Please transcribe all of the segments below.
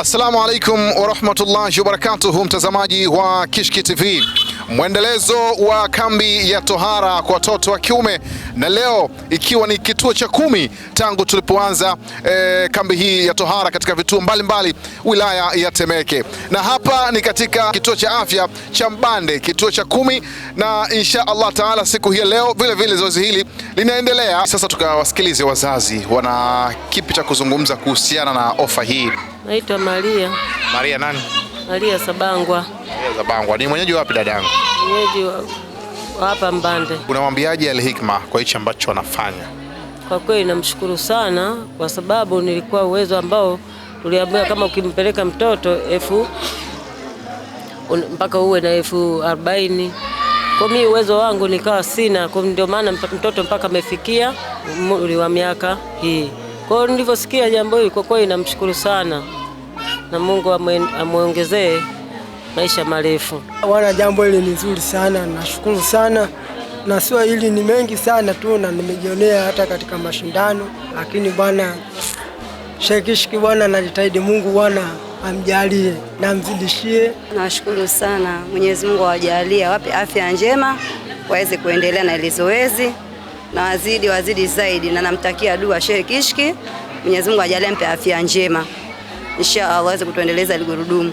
Assalamu alaikum warahmatullahi wabarakatuhu, mtazamaji wa Kishki TV. Mwendelezo wa kambi ya tohara kwa watoto wa kiume na leo ikiwa ni kituo cha kumi tangu tulipoanza e, kambi hii ya tohara katika vituo mbalimbali wilaya ya Temeke, na hapa ni katika kituo cha afya cha Mbande, kituo cha kumi, na insha Allah taala siku hii leo vile vile zoezi hili linaendelea. Sasa tukawasikilize wazazi wana kipi cha kuzungumza kuhusiana na ofa hii. Naitwa Maria. Maria nani? Maria Sabangwa. Maria Sabangwa ni mwenyeji wapi dadangu? wenyeji wa hapa Mbande. Unamwambiaje Hikma kwa hichi ambacho anafanya? Kwa kweli namshukuru sana, kwa sababu nilikuwa uwezo ambao tuliambiwa kama ukimpeleka mtoto elfu mpaka uwe na elfu arobaini kwa mimi uwezo wangu nikawa sina, kwa ndio maana mtoto mpaka amefikia umri wa miaka hii. Kwa hiyo nilivyosikia jambo hili, kwa kweli namshukuru sana na Mungu amwongezee maisha marefu. Wana, jambo hili ni nzuri sana, nashukuru sana na sio hili ni mengi sana tu, na nimejionea hata katika mashindano, lakini bwana shekishiki bwana, najitahidi Mungu bwana amjalie na mzidishie. Nashukuru sana, Mwenyezi Mungu awajalie, wape afya njema, waweze kuendelea na ile zoezi na wazidi wazidi zaidi, na namtakia dua Kishki, Mwenyezi Mungu ajalie, mpe afya njema, insha Allah aweze kutuendeleza ligurudumu.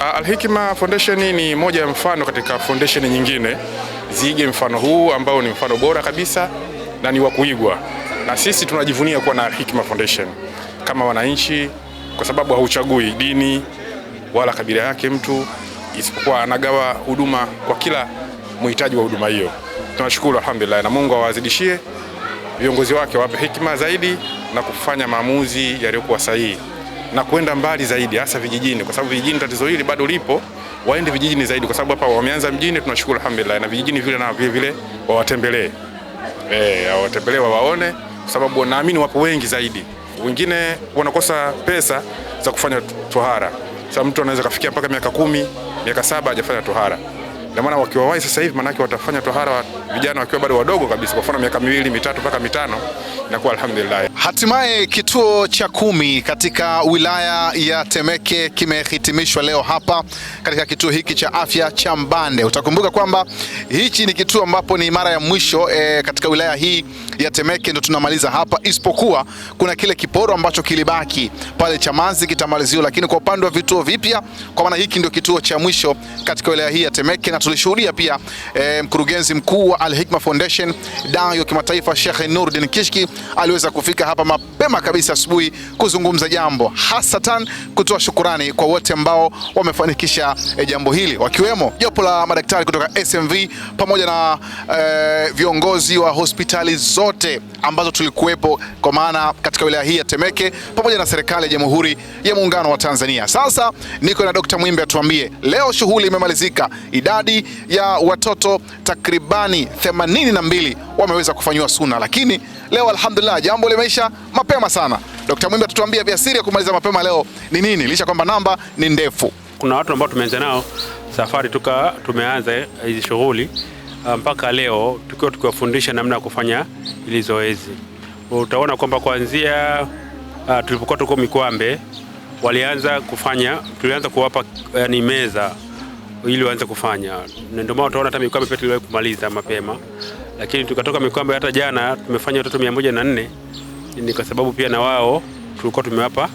Ah, alhikima Foundation ni moja ya mfano katika foundation nyingine ziige mfano huu ambao ni mfano bora kabisa na ni wa kuigwa, na sisi tunajivunia kuwa na Al-Hikma Foundation kama wananchi, kwa sababu hauchagui dini wala kabila yake mtu, isipokuwa anagawa huduma kwa kila muhitaji wa huduma hiyo. Tunashukuru, alhamdulillah, na Mungu awazidishie viongozi wake, wawape hikima zaidi na kufanya maamuzi yaliyokuwa sahihi na kwenda mbali zaidi, hasa vijijini, kwa sababu vijijini tatizo hili bado lipo. Waende vijijini zaidi, kwa sababu hapa wameanza mjini, tunashukuru alhamdulillah, na vijijini vile na vile vile wawatembelee, eh, wawatembelee, wawaone, kwa sababu naamini wapo wengi zaidi. Wengine wanakosa pesa za kufanya tohara. sababu mtu anaweza kafikia mpaka miaka kumi, miaka saba hajafanya tohara. Ndio maana wakiwa wai sasa hivi, maanake watafanya tohara vijana wakiwa bado wadogo kabisa, kwa mfano miaka miwili mitatu mpaka mitano, inakuwa alhamdulillah. Hatimaye kituo cha kumi katika wilaya ya Temeke kimehitimishwa leo hapa katika kituo hiki cha afya cha Mbande. Utakumbuka kwamba hichi ni kituo ambapo ni mara ya mwisho e, katika wilaya hii ya Temeke ndio tunamaliza hapa, isipokuwa kuna kile kiporo ambacho kilibaki pale Chamazi kitamaliziwa, lakini kwa upande wa vituo vipya, kwa maana hiki ndio kituo cha mwisho katika wilaya hii ya Temeke na tulishuhudia pia e, mkurugenzi mkuu wa Al Hikma Foundation Dayo Kimataifa Sheikh Nuruddin Kishki aliweza kufika hapa mapema kabisa asubuhi kuzungumza jambo, hasatan kutoa shukurani kwa wote ambao wamefanikisha e, jambo hili wakiwemo jopo la madaktari kutoka SMV pamoja na e, viongozi wa hospitali zote ambazo tulikuwepo kwa maana katika wilaya hii ya Temeke pamoja na serikali ya Jamhuri ya Muungano wa Tanzania. Sasa niko na Dr. Mwimbe atuambie leo shughuli imemalizika idadi idadi ya watoto takribani 82 wameweza kufanyiwa suna, lakini leo alhamdulillah jambo limeisha mapema sana. Dr. Mwimbi atatuambia vya siri ya kumaliza mapema leo ni nini, licha kwamba namba ni ndefu. Kuna watu ambao tumeanza nao safari tuka tumeanza hizi shughuli ah, mpaka leo tukiwa tukiwafundisha namna ya kufanya ili zoezi. Utaona kwamba kuanzia ah, tulipokuwa tuko Mikwambe walianza kufanya, tulianza kuwapa yani meza ili waanze kufanya. Ndio maana utaona hata Mikwambe pia tuliwahi kumaliza mapema, lakini tukatoka Mikwambe hata jana tumefanya watoto mia moja na nne ni kwa sababu pia na wao tulikuwa tumewapa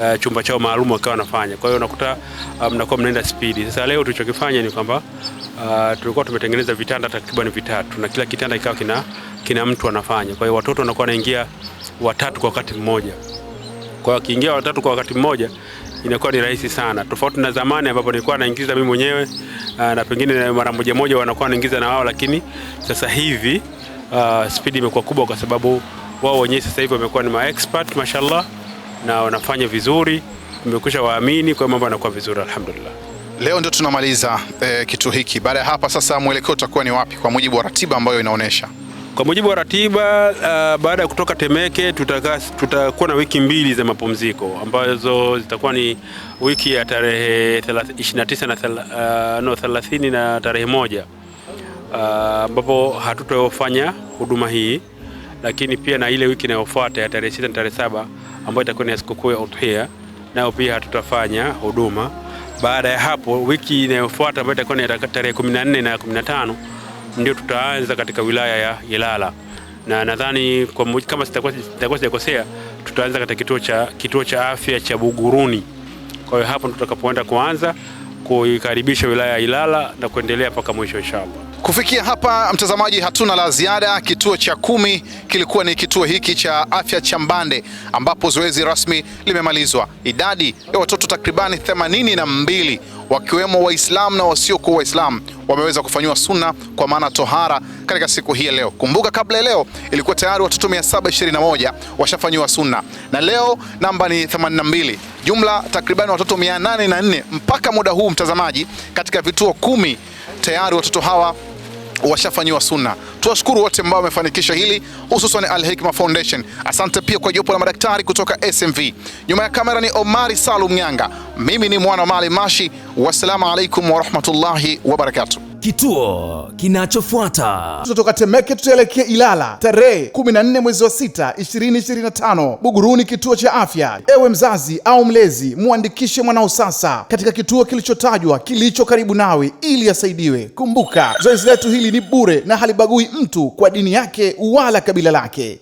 uh, chumba chao maalum wakawa wanafanya. Kwa hiyo unakuta ah, mnakuwa um, mnaenda spidi. Sasa leo tulichokifanya ni kwamba uh, tulikuwa tumetengeneza vitanda takriban vitatu na kila kitanda kikawa kina, kina mtu anafanya. Kwa hiyo watoto wanakuwa wanaingia watatu kwa wakati mmoja. Kwa hiyo akiingia watatu kwa wakati mmoja inakuwa ni rahisi sana, tofauti na zamani ambapo nilikuwa naingiza mimi mwenyewe ah, na pengine mara moja moja wanakuwa naingiza na wao, lakini sasa hivi uh, ah, spidi imekuwa kubwa kwa sababu wao wenyewe sasa hivi wamekuwa ni maexpert mashallah, na wanafanya vizuri, tumekwisha waamini, kwa hiyo mambo yanakuwa vizuri alhamdulillah. Leo ndio tunamaliza eh, kitu hiki. Baada ya hapa sasa, mwelekeo utakuwa ni wapi kwa mujibu wa ratiba ambayo inaonyesha? Kwa mujibu wa ratiba uh, baada ya kutoka Temeke tutakuwa na wiki mbili za mapumziko ambazo zitakuwa ni wiki ya tarehe 29 na uh, no, 30 na tarehe moja uh, ambapo uh, hatutofanya huduma hii, lakini pia na ile wiki inayofuata ya tarehe sita na tarehe saba ambayo itakuwa ni sikukuu ya Udhiya, nayo pia hatutafanya huduma. Baada ya hapo wiki inayofuata ambayo itakuwa ni tarehe 14 na 15 ndio tutaanza katika wilaya ya Ilala na nadhani kama sitakuwa sijakosea, tutaanza katika kituo cha, kituo cha afya cha Buguruni. Kwa hiyo hapo tutakapoenda kuanza kuikaribisha wilaya ya Ilala na kuendelea mpaka mwisho inshallah. Kufikia hapa mtazamaji, hatuna la ziada. Kituo cha kumi kilikuwa ni kituo hiki cha afya cha Mbande ambapo zoezi rasmi limemalizwa. Idadi ya watoto takribani themanini na mbili wakiwemo Waislamu na wasiokuwa Waislamu wameweza kufanyiwa sunna kwa maana tohara katika siku hii ya leo. Kumbuka kabla ya leo ilikuwa tayari watoto 721 washafanyiwa sunna na leo namba ni 82, jumla takriban watoto 804 mpaka muda huu mtazamaji, katika vituo kumi tayari watoto hawa washafanyiwa sunna. Tuwashukuru wote ambao wamefanikisha hili, hususan Al Hikma Foundation. Asante pia kwa jopo la madaktari kutoka SMV. Nyuma ya kamera ni Omari Salum Nyanga, mimi ni mwana Mali Mashi. Wassalamu alaikum warahmatullahi wabarakatuh. Kituo kinachofuata tutatoka Temeke tutaelekea Ilala tarehe 14 mwezi wa sita 2025, Buguruni, kituo cha afya. Ewe mzazi au mlezi, mwandikishe mwanao sasa katika kituo kilichotajwa kilicho karibu nawe ili asaidiwe. Kumbuka zoezi letu hili ni bure na halibagui mtu kwa dini yake wala kabila lake.